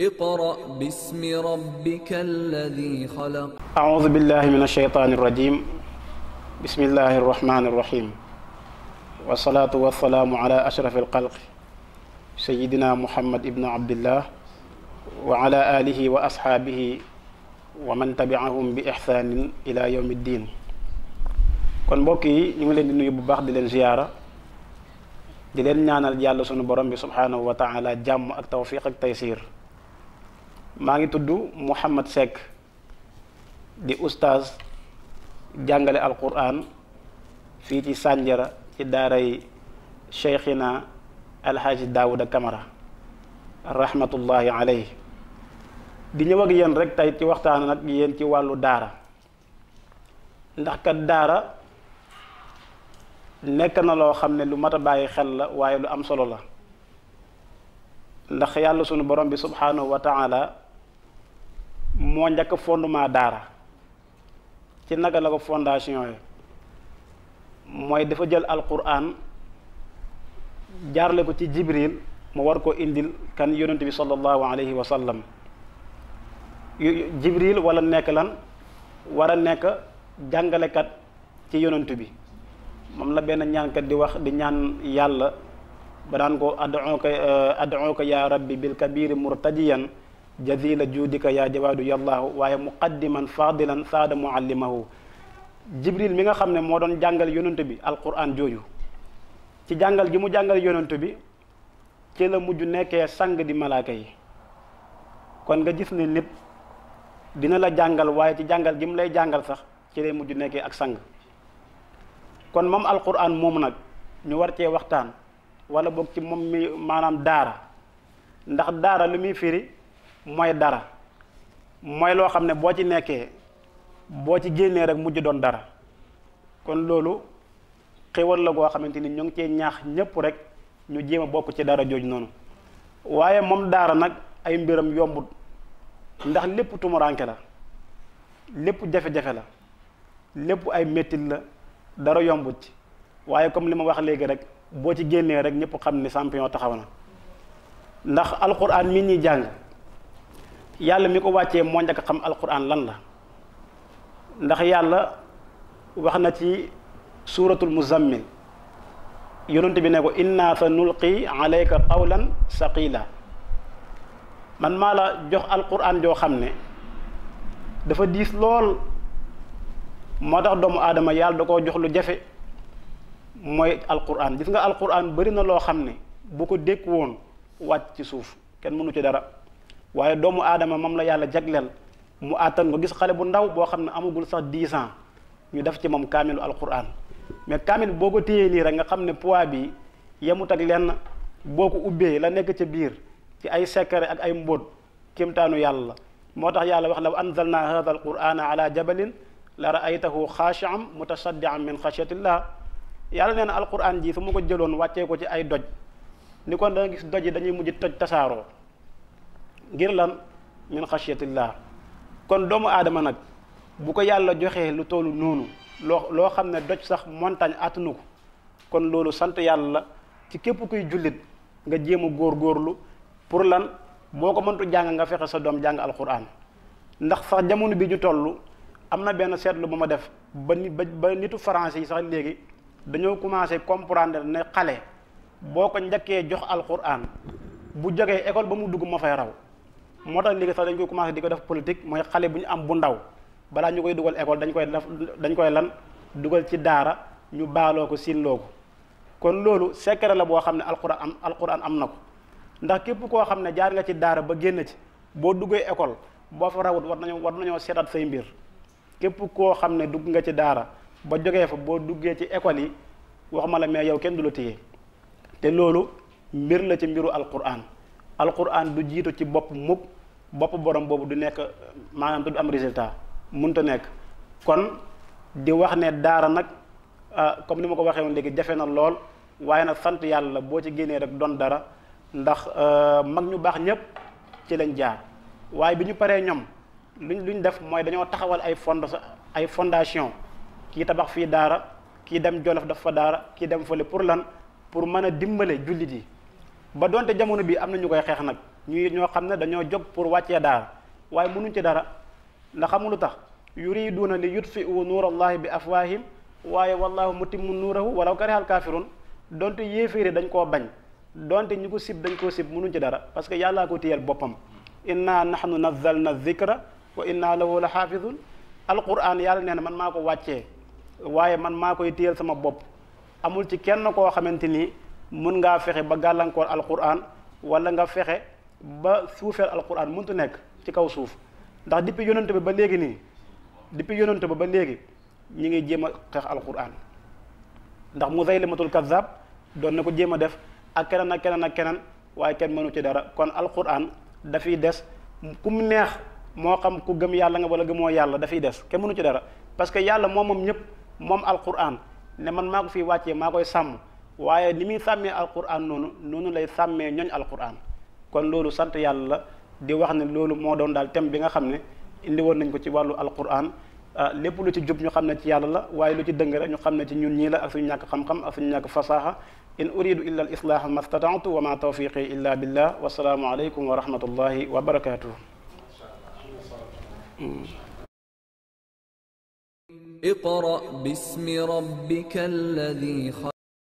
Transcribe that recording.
اقرأ باسم ربك الذي خلق أعوذ بالله من الشيطان الرجيم بسم الله الرحمن الرحيم والصلاة والسلام على أشرف الخلق سيدنا محمد ابن عبد الله وعلى آله وأصحابه ومن تبعهم بإحسان إلى يوم الدين كون بوكي yi ñu ngi بخد di nuyu bu baax di leen سبحانه وتعالى leen ñaanal yàlla maa ngi tudd Mouhamad Seck di oustaz jàngale alquran fii ci Sandiara ci daaray Cheikhina Alhaji Daouda Camara rahmatullahi alayhi di ñëw yenn rek tey ci waxtaan nag yéen ci wàllu daara ndax kat daara nekk na loo xam ne lu mat a xel la waaye lu am solo la ndax yàlla sunu borom bi subhanahu wa ta'ala moo njëkk fondement daara ci naka la ko fondation yi mooy dafa jël alquran jaarle ko ci jibril mu war koo indil kan yonent bi sallallahu alayhi wa sallam jibril wala nekk lan war a nekk jàngalekat ci yonent bi moom la benn ñaankat di wax di ñaan yàlla ba daan ko ad'uka ad'uka ya rabbi bil kabiri murtadiyan jazila juudika yaa jawaadu yallaahu waaye muqaddiman fadilan saada muallimahu jibril mi nga xam ne moo doon jàngal yonent bi alquran jooju ci jàngal gi mu jàngal yonantu bi ci la mujj nekkee sang di malaaka yi kon nga gis ne nit dina la jàngal waaye ci jàngal gi mu lay jàngal sax ci lay mujj nekkee ak sang kon moom alquran moom nag ñu war cee waxtaan wala boog ci moom mi maanaam daara ndax daara lu muy firi mooy dara mooy loo xam ne boo ci nekkee boo ci génnee rek mujj doon dara kon loolu xéwal la goo xamante ni ñoo ngi cee ñaax ñépp rek ñu jéem a bokk ci dara jooj noonu waaye moom daara nag ay mbiram yombut ndax lépp tumuranke la lépp jafe-jafe la lépp ay mettit la dara yombut ci waaye comme li ma wax léegi rek boo ci génnee rek ñëpp xam ni champion taxaw na ndax alquran mi ñuy jàng yàlla mi ko wàccee moo njëkk xam alquran lan la ndax yàlla wax na ci suuratul muzammil yonent bi ne ko inna sa nulqi alayka qawlan saqila man maa la jox alquran joo xam ne dafa diis lool moo tax doomu aadama yàlla da koo jox lu jafe mooy alquran gis nga alquran bari na loo xam ne bu ko dékk woon wàcc ci suuf kenn mënu ci dara waye doomu adama moom la yàlla jaglel mu atan ko gis xale bu ndaw bo xamne ne amagul sax 10 ans ñu def ci mom kaamilu alquran mais kamil boko teyé téyee rek nga xamne poids bi yamut ak len boko ubbé la nek ci bir ci ay secret ak ay mbot kimtanu yàlla motax yàlla wax la anzalna hadha alquran ala jabalin la raaytahu khashi'an mutasaddian min xashiyatillah yàlla nee alquran ji fu ma jëlone wacce ko ci ay doj ni kon da nga gis doj yi dañuy mujj toj tasaro ngir lan min xashiyatillah kon doomu aadama nag bu ko yàlla joxee lu tollu noonu loo loo xam ne doj sax montagne attanu ko kon loolu sant yàlla ci képp kuy jullit nga jéem a góorlu pour lan boo ko mëntu jàng nga fexe sa doom jàng alxuraan ndax sax jamono bi ñu toll am na benn seetlu bu ma def ba ni ba nitu français yi sax léegi dañoo commencé comprendre ne xale boo ko njëkkee jox alquran bu jógee école ba mu dugg ma fay raw moo tax léegi sax dañ koy commencé di ko def politique mooy xale bu ñu am bu ndaw balaa ñu koy dugal école dañ koy def dañ koy lan dugal ci daara ñu baaloo ko siinloo ko kon loolu secret la boo xam ne alquran am alquran am na ko ndax képp koo xam ne jaar nga ci daara ba génn ci boo duggee école boo fa rawut war nañoo war nañoo seetaat say mbir képp koo xam ne dugg nga ci daara ba jógee fa boo duggee ci école yi wax ma la mais yow kenn du la téye te loolu mbir la ci mbiru alquran alquran du jitu ci bop mup bop borom bobu du nek manam du am résultat munta nek kon di wax ne dara nak ah, comme nima ko waxe won legi jafena lol waye nak sante yalla bo ci gene rek don dara ndax ah, mag ñu bax ñep ci lañ jaar waye biñu paré ñom luñ luñ def moy dañoo taxawal ay fond ay fondation ki tabax fi dara ki dem jollof dafa dara ki dem fele pour lan pour meuna a dimbale yi ba donte jamono bi am na ñu koy xeex nag ñuy ñoo xam ne dañoo jóg pour wàccee daara waaye mënuñ ci dara la xamulu tax yuriduuna li yutfiu nuurallahi bi afwaahim waaye wallahu mutimmu nuurahu walaw karihal kaafiruun donte yéeféeri dañ koo bañ donte ñu ko sib dañ koo sib mënuñ ci dara parce que yàllaa ko téyeel boppam inna nahnu nazzalna zikra wa inna lahu la xaafidun alquran yàlla nee na man maa ko wàccee waaye man maa koy téyal sama bopp amul xamante nii mun ngaa fexe ba gàllankoor alquran wala nga fexe ba suufeel alquran muntu nekk ci kaw suuf ndax depuis yonante bi ba léegi nii depuis yonante bi ba léegi ñi ngi jéem a xeex alquran ndax Muzaylimatul Kazzab doon na ko jéem def ak keneen ak keneen ak keneen waaye kenn mënu ci dara kon alquran dafiy des ku mu neex moo xam ku gëm yàlla nga wala gëmoo yàlla dafiy des kenn mënu ci dara parce que yàlla moom moom ñëpp moom alquran ne man maa ko fiy wàccee maa waye limi muy alquran nonu nonu lay sàmmee ñoñ alquran kon lolu sant yàlla di wax ne lolu mo doon dal tém bi nga xamné indi won nañ ko ci walu alquran lépp lu ci jub ñu xamné ci yàlla la waye lu ci dëng la ñu xamné ci ñun ñi la ak sunu ñak ñàkk xam-xam ak suñu ñak fasaha in uridu illa al islaaha ma wa ma tawfiqi illa billah wa wasalaamu alaykum wa rahmatullahi wa barakatuh اقرأ باسم ربك الذي خلق